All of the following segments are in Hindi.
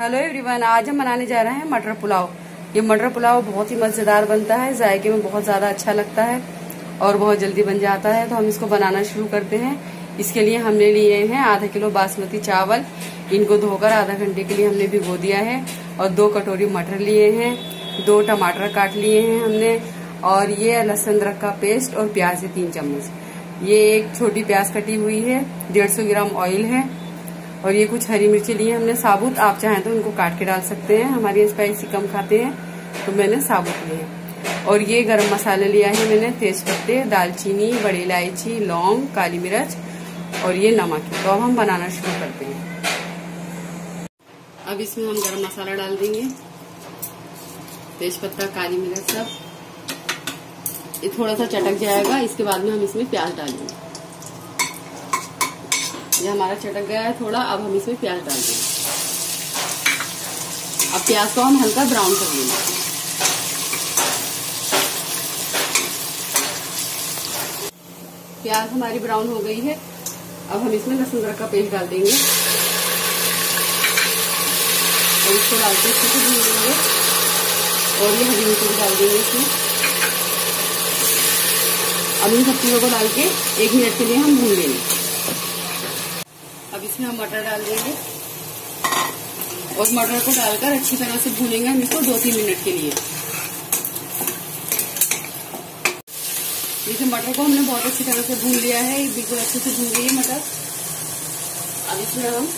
हेलो एवरीवन आज हम बनाने जा रहे हैं मटर पुलाव ये मटर पुलाव बहुत ही मज़ेदार बनता है जायके में बहुत ज़्यादा अच्छा लगता है और बहुत जल्दी बन जाता है तो हम इसको बनाना शुरू करते हैं इसके लिए हमने लिए हैं आधा किलो बासमती चावल इनको धोकर आधा घंटे के लिए हमने भिगो दिया है और दो कटोरी मटर लिए हैं दो टमाटर काट लिए हैं हमने और ये लहसुन अदरक का पेस्ट और प्याज है तीन चम्मच ये एक छोटी प्याज कटी हुई है डेढ़ सौ ग्राम ऑयल है और ये कुछ हरी मिर्ची ली है हमने साबुत आप चाहें तो उनको काट के डाल सकते हैं हमारे यहाँ स्पाइसी कम खाते हैं तो मैंने साबुत लिए और ये गरम मसाला लिया है मैंने तेज पत्ते दालचीनी बड़ी इलायची लौंग काली मिर्च और ये नमक है तो अब हम बनाना शुरू करते हैं अब इसमें हम गरम मसाला डाल देंगे तेज पत्ता काली मिर्च सब ये थोड़ा सा चटक जाएगा इसके बाद में हम इसमें प्याज डालेंगे ये हमारा चटक गया है थोड़ा अब हम इसमें प्याज डाल देंगे अब प्याज को हम हल्का ब्राउन कर लेंगे प्याज हमारी ब्राउन हो गई है अब हम इसमें लहसुन अदरक का पेस्ट डाल देंगे और इसको डाल के अच्छे से भून देंगे और ये हरी मिर्ची डाल देंगे इसमें अब इन सब चीज़ों को डाल के एक मिनट के लिए हम भून लेंगे इसमें हम मटर डाल देंगे और मटर को डालकर अच्छी तरह से भूनेंगे हम इसको दो तीन मिनट के लिए जैसे मटर को हमने बहुत अच्छी तरह से भून लिया है बिल्कुल अच्छे से भून गई है मटर अब इसमें हम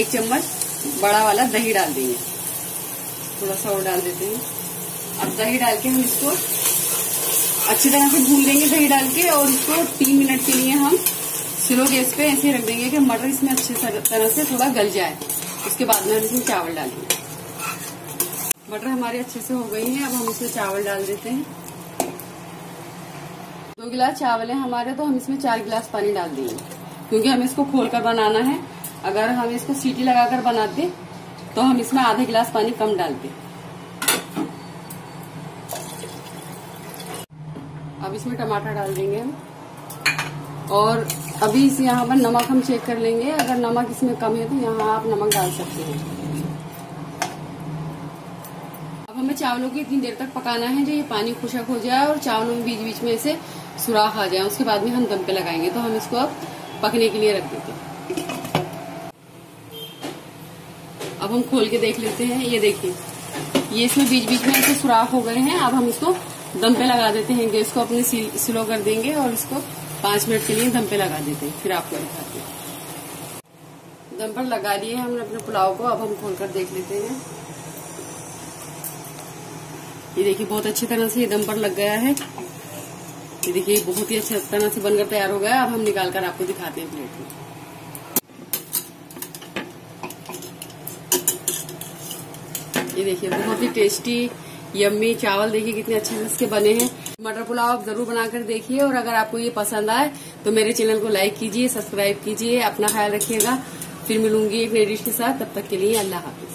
एक चम्मच बड़ा वाला दही डाल देंगे थोड़ा सा और डाल देते हैं अब दही डाल के हम इसको अच्छी तरह से भून लेंगे दही डाल के और इसको तीन मिनट के लिए हम स्लो गैस पे ऐसे रख देंगे कि मटर इसमें अच्छे तरह से थोड़ा गल जाए उसके बाद में हम इसमें चावल डालेंगे मटर हमारे अच्छे से हो गई है अब हम इसमें चावल डाल देते हैं दो गिलास चावल है हमारे तो हम इसमें चार गिलास पानी डाल देंगे क्योंकि हमें इसको खोल कर बनाना है अगर हम इसको सीटी लगाकर बनाते तो हम इसमें आधे गिलास पानी कम डालते अब इसमें टमाटर डाल देंगे हम और अभी इस यहाँ पर नमक हम चेक कर लेंगे अगर नमक इसमें कम है तो यहाँ आप नमक डाल सकते हैं अब हमें चावलों को इतनी देर तक पकाना है जो ये पानी खुशक हो जाए और चावलों में बीच बीच में ऐसे सुराख आ जाए उसके बाद में हम दम पे लगाएंगे तो हम इसको अब पकने के लिए रख देते हैं अब हम खोल के देख लेते हैं ये देखिए ये इसमें बीच बीच में ऐसे सुराख हो गए हैं अब हम इसको दम पे लगा देते हैं गैस को अपने स्लो कर देंगे और इसको पांच मिनट के लिए दम पे लगा देते हैं फिर आपको दिखाते हैं दम पर लगा लिए हमने अपने पुलाव को अब हम खोल कर देख लेते हैं ये देखिए बहुत अच्छी तरह से ये दम पर लग गया है ये देखिए बहुत ही अच्छी तरह से बनकर तैयार हो गया अब हम निकाल कर आपको दिखाते हैं प्लेट में ये देखिए बहुत ही टेस्टी यम्मी चावल देखिए कितने अच्छे से इसके बने हैं मटर पुलाव आप जरूर बनाकर देखिए और अगर आपको ये पसंद आए तो मेरे चैनल को लाइक कीजिए सब्सक्राइब कीजिए अपना ख्याल रखिएगा फिर मिलूंगी एक नई डिश के साथ तब तक के लिए अल्लाह हाफिज